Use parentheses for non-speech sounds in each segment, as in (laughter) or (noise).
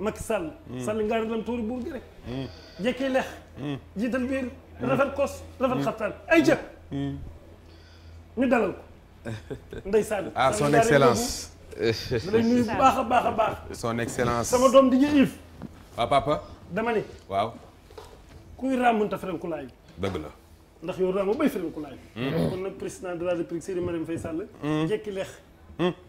مكسل صلي غار لم تور بوغير جيك لخ جيت البير رفل قص رفل خطر اي جاب ندلوك ندسال اه سون اكسلانس باخ باخ باخ سون اكسلانس سما دوم دي ييف با با با دماني واو كوي رام انت فرن كولاي دغ لا ندخ يو رام باي فرن كولاي كون نك بريسيدان دو لا ريبريك سيري مريم فيصل جيك لخ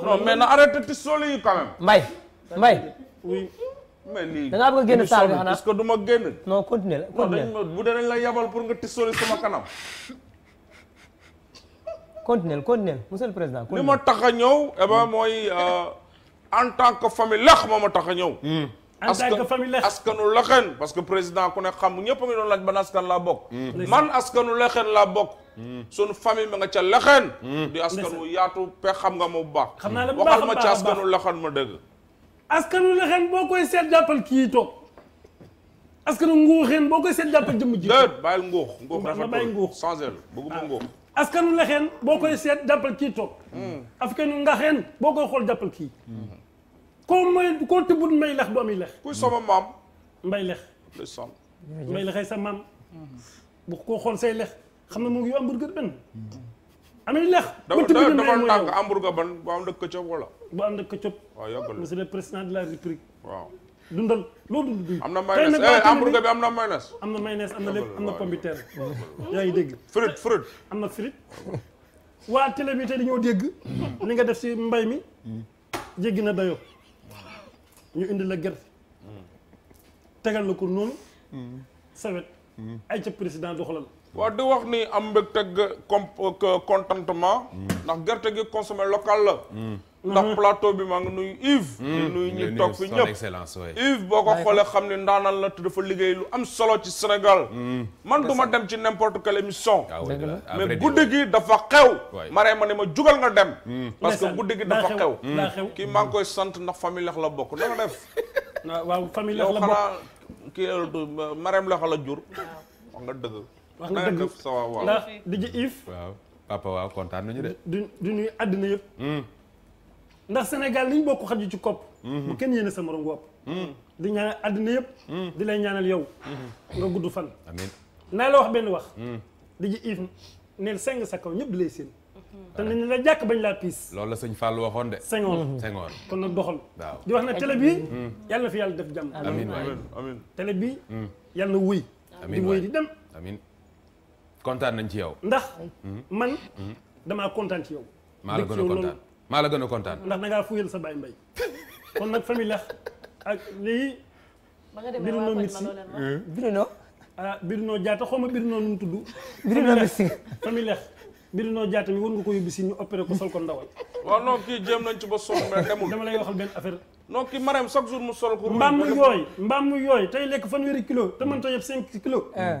non mais na arrêté ti soli yi quand même. Mbaye Mbaye. oui mais lii. da a génn saal bi xanaa parce que du ma génn. non continué la bu dee dañ la yabal pour nga ti soli sama kanam. continué la continué président. li ma tax a ñëw eh mooy euh, en tant que famille lex moo ma tax ñëw. Hmm. en tant que famille lex askanu parce que président ku ne xam ñëpp a ngi doon laaj ban askan laa bokk. Hmm. man askanu lexeen laa bokk. sunu famille ma nga ca lexeen hmm. di askanu yaatu pe xam nga ma bu baax xam naa la bu baax waxal ma ci askanu lexeen ma boo koy seet jàppal kii toog askanu nguuxeen boo koy seet jàppal jëmm ji déet bàyyil nguux nguux dafa bàyyi ah. boo koy seet jàppal kii toog hmm. askanu ngaxeen boo koy xool jàppal kii hmm. koo may koo tibbut may lex du am lex kuy sama ko xool say lex xam na mu ngi hamburger benn. am nañu leex. bëtt bi dina dafa tàng hamburger président de la république. am na mayonnaise eh hamburger bi am na mayonnaise. am na mayonnaise am na lépp am na pomme de terre. dégg. frite frite. am na frite. waa télé bi tey dañoo dégg. li nga def si mbay mi. jéggi na dayoo. ñu indi la gerte. Mm. tegal la ko noonu. Mm. sawet mm. ay ca président doxalal. waaw di wax ni am mbégte ak contentement hmm. hmm. ndax gerte gi consommer local la ndax plateau bi ma ngi nuy Yves hmm. nuy ñi tok fi ñëpp Yves boko xolé xamni ndanal la te dafa liggéey lu am solo ci Sénégal man duma dem ci n'importe quelle émission ah mais guddi gi dafa xew maré ma ne ma juggal nga dem parce que guddi gi dafa xew ki ma ngi koy ndax famille la bokk nga def (laughs) waaw famille la bokk ki xanaa euh, euh, la xala jur nga deug wax nga dëgg ndax di if waaw papa waaw kontaan nañu de. du du nuyu àddina yëpp. Hmm. ndax Sénégal liñ bokk xaju ci kopp. Hmm. bu kenn yéene sa morom wopp. Hmm. di ñaanal àddina yëpp. di lay ñaanal yow. nga gudd fan. amiin naa la wax benn wax. di ji if neel seng sa kaw ñëpp di lay seen. te ñu la jàkk bañ laa piis. loolu la sëñ Fall waxoon de. sengoon sengoon kon nag doxal. di wax ne télé bii. yàlla na fi yàlla def jàmm. amiin waay bii. yàlla na wuy. di dem. kontaan nañ ci yow. ndax man. Mm-hmm. Mm-hmm. damaa kontaan ci yow. maa la gën a kontaan maa la gën kontaan. ndax da ngaa fuyal sa baay mbay. kon nag famille lax ak lii. ba nga demee waa Fatima loo leen wax eh? Biruno. ah Biruno jaata xaw ma Biruno nu mu tudd. Biruno Missi famille lax Biruno jaata mi war nga ko yóbbu si ñu opéré ko sol ko ndawal. waaw non kii jéem nañ ci ba sonn mais (laughs) demul. dama lay waxal benn affaire. non ki maram chaque jour mu sol ko. mbaam mu yooy mbaam mu yooy tey lekk fanweeri kilo te mënta yeb 5 kilo. Eh.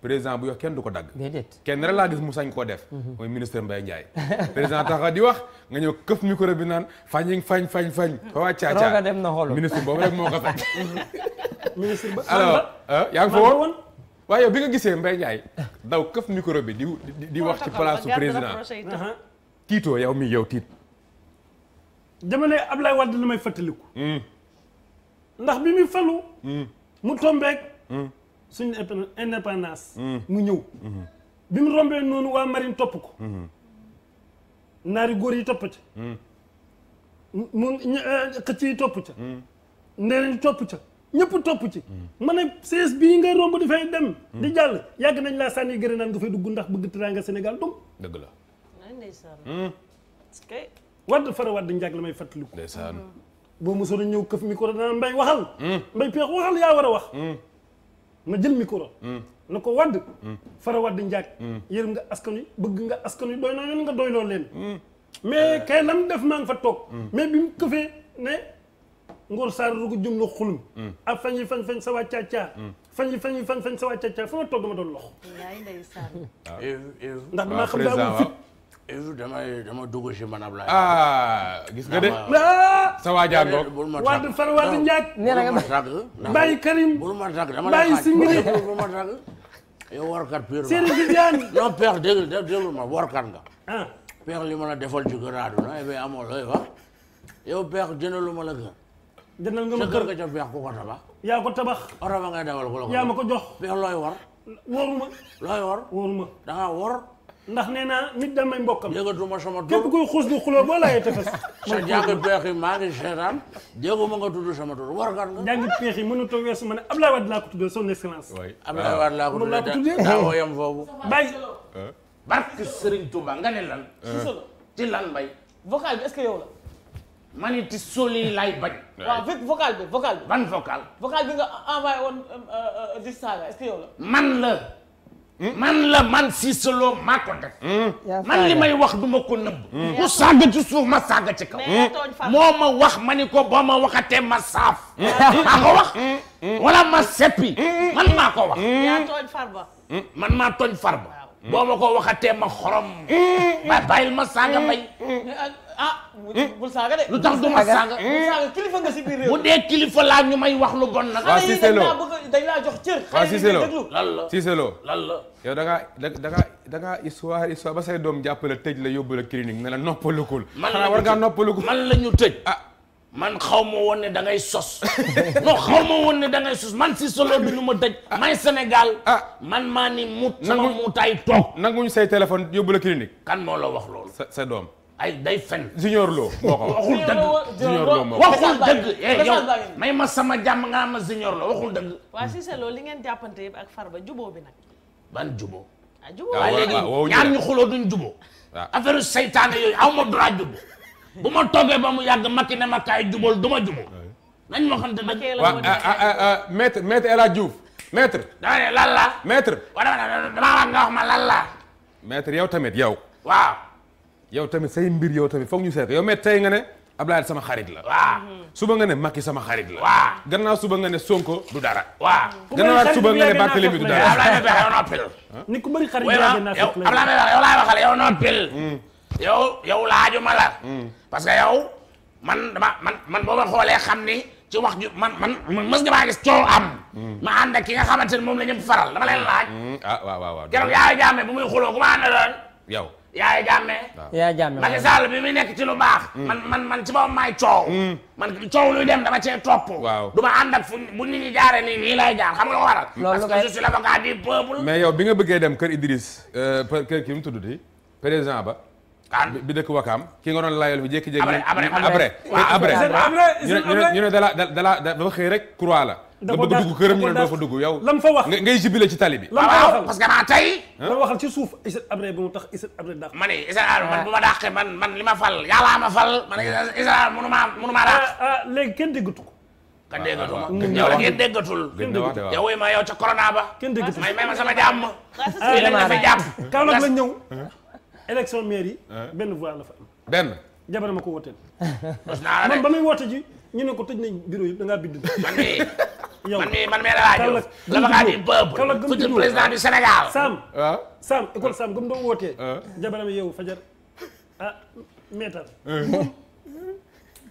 président bu yox kenn du ko dagg kenn rek laa gis mu sañ koo def mhm. mooy ministre Mbaye Ndiaye président taxa di wax nga ñëw këf micro bi naan fañing fañ fañ fañ fa waa caaca dem na xool ministre boobu rek moo ko sañ (laughs) ministre ba alors euh, yaa ngi fa woon waaye yow bi nga gisee Mbaye Ndiaye daw këf micro bi di di wax ci place su président tiitoo uh-huh. yow mi yow tiit dama ne Ablaye Wade la may fàttaliku hmm. ndax bi muy falu hmm. mu tombeek hmm. suñu indépendance. Mm. mu ñëw. Mm-hmm. bi mu rombee noonu waa marine topp ko. Mm-hmm. naari góor yi topp ca. Mm. mu euh, xëcc yi topp ca. Mm. ndeylañ topp ca ñëpp topp ci. ma ne sees bii ngay romb dafay dem. di jàll yàgg nañ laa sànni gërë naan nga fay dugg ndax bëgg teraanga Sénégal dum. dëgg la. ndeysaan. wadd fara wadd njàgg la may fàttaliku. ndeysaan. Mm-hmm. boo mosoon a ñëw këf mi ko daan mbay waxal. mbay peex waxal yaa war a wax. na jël mi micro. Hmm. na ko wadd. Hmm. fara wadd njaag. Hmm. yërëm nga askan wi bëgg nga askan wi doy na leen nga doy loo leen. mais eh. kay lam def maa ngi fa toog. mais bi mu këfee ne Ngor Sarr rugu jëm na xulum. ak fan fañ fan fan sa waa caacaa. fan yi fan yi fan sa waa caacaa fa ma toog dama doon lox. Ah. ndax damaa ah, xam daa am fit. damay dama dugg si man Ablaye. ah gis nga de. Ah! sa waa jàngoo bul ma tàgg far waati njaaj. nee na nga ma tàgg. bàyyi Karim bul ma tàgg dama bàyyi Singiri bul ma tàgg. yow warkat pire la Serigne Tidiane. non père dégg déglu ma warkat nga. Ah. père li ma la defal ci gën a aduna yow eh amoo looy wax yow père jëndalu ma la gën. jëndal nga ma kër nga ca père ku ko tabax. yaa ko tabax. oto ba ngay dawal ku la ko. yaa ma ko jox. père looy war. waruma. looy war waruma. da nga war. ndax nee naa nit daan may mbokkam. yëngatuma sama tur képp kuy xuus di xuloo boo laayee tefes. (laughs) sa jàngi peex maa ngi seetaan dégguma nga nga. jàngi peex yi mënutoo weesu ma ne Abdoulaye Wade laa ko tuddee son excellence. waay Abdoulaye ah. Wade laa ko tuddee laa ko tuddee euh? nga ne lan. Euh? ci lan bay. vocal bi est-ce que la. ma ne ci ban vocal. vocal bi nga envoyé woon euh, di la. man la. man la man Cissé Lo hmm? man li may wax du ma ko nëbb. Hmm. saaga ci suuf ma saaga ci kaw. moo ma wax ma ko boo ma waxatee ma saaf. maa ko wax. Hmm? wala ma seppi. man maa ko wax. man maa tooñ farba. boo ma ko waxatee ma xorom. ba bàyyil ma saaga bay. ah. Eh? bul saaga de. lu tax du ma saaga eh? kilifa nga si biir bu dee kilifa laa ñu may wax lu bon nag. waaw ah, Cissé Lo dañ laa jox cër. waaw ah, Cissé Lo lan la lan la. yow da ngaa da ngaa da ngaa histoire ba say doom jàppale tëj la yóbbu la clinique ne la noppalukul. man la war ngaa noppalukul man la ñu tëj. ah man xaw ma woon ne da ngay sos non xaw ma woon ne da ngay sos man Cissé Lo du ñu ma tëj. Ah. may Sénégal. ah man maa ni mut sama mutaay toog. nanguñu say téléphone yóbbu la clinique. kan moo wax loolu. sa sa doom. ay day fen. junior lo moo ko waxul may ma sama jàmm nga ma junior loo waxul dëgg. waa si c'est loolu li ngeen jàppante yëpp ak Farba jubóo bi nag. ban jubóo. ah jubóo affaire seytaane yooyu aw ma droit jubóo. bu ma toogee ba mu yàgg makki ne ma kaay jubóol du ma jubóo. nañ ma xam te dëgg. waaw maître maître El Hadj Diouf maître. dama ne lan la. la. maître yow tamit yow. yow tamit say mbir yow tamit foog ñu seet yow met tey nga ne Abdoulaye sama xarit la. waaw suba nga ne Macky sama xarit la. waaw gannaaw suba nga ne Sonko du dara. waaw gannaaw suba nga ne Barthélémy du dara. Abdoulaye Mbaye yow noppil. ni ku bëri xarit yaa gën a yow hmm. hmm. parce que yow man dama man man boo ma xoolee xam ni. ci wax ju man man mës nga maa am. Hmm. ma ànd ak ki nga xamante ne moom leen laaj. ah waaw jaame bu muy xuloo ku ma àndaloon yow Ya jàmme ya jàmme Macky Sall bi muy ya ci lu baax mm. man man man ci ya maay ya man ya luy dem dama ya topp ya du ya ànd ak bu nit ñi jaare ya nii lay jaar xam nga ya waral parce que je suis l'avocat du peuple mais yow bi nga bëggee dem kër Idriss euh, kër ya mu ya di ya ba kan bi ya Wakaam ki nga ya layal ya jékki ya après après après ñu ne ya ne ya dala ya xëy rek croix la da ko dugg a ñu ne doo fa dugg yow. lan fa wax ngay jibile ci tali bi. lan fa ah, waxal parce que naa tey. lan waxal ci suuf Issa Habré bu mu ma ne ma dàqee man man li ma fal yàllaa ma fal man Issa Habré munu maa munu maa ah, ah, kenn déggatu ko. ka déggatu ma yow da ngeen déggatul. kenn déggatul yow wuy ma yow ca corona ba. kenn déggatul may may ma sama jàmm. lii lañ la fa jàpp. ñëw. élection maire benn voix la am. benn. jabar ma ko wooteel. man ba muy woote ji ñu ne ko tëj nañ bureau yi da ngaa man mii man mii la laa ñëw l'avocat du peuple futur président du Sénégal. Sam waaw ah. Sam école Sam gëm doo wootee. Ah. jabaram yow fajar ah meetar. Eh.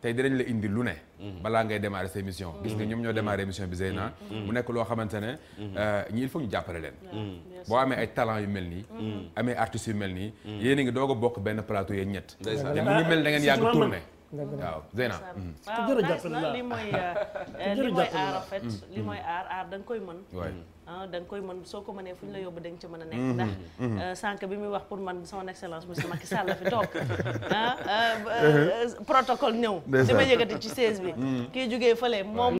tey dinañ la indi lu ne mm-hmm. balaa ngay démarrer sa émission gis nga mm-hmm. ñoom ñoo démarrer mm-hmm. émission bi Zeyna mu nekk loo xamante ne euh, ñi il faut ñu jàppale leen boo amee ay talent yu mel nii amee artistes yu mel nii yéen a ngi doog bokk benn plateau yeen ñett te mu ngi mel da ngeen yàgg tourné waaw Zeyna. jërëjëf mm. waaw li mooy (laughs) euh, euh, li aar en fait mm. li mooy aar aar da nga koy mën. Mm. ah da koy mën soo ko mënee fu ñu la yóbbu da nga ci mën a nekk. Mm-hmm. ndax mm-hmm. Euh, sànq bi muy wax pour man son excellence monsieur Macky Sall la fi toog (laughs) ah uh-huh. protocole ñëw. dama yëgati ci 16 bi. Mm-hmm. kii jugee fële moom.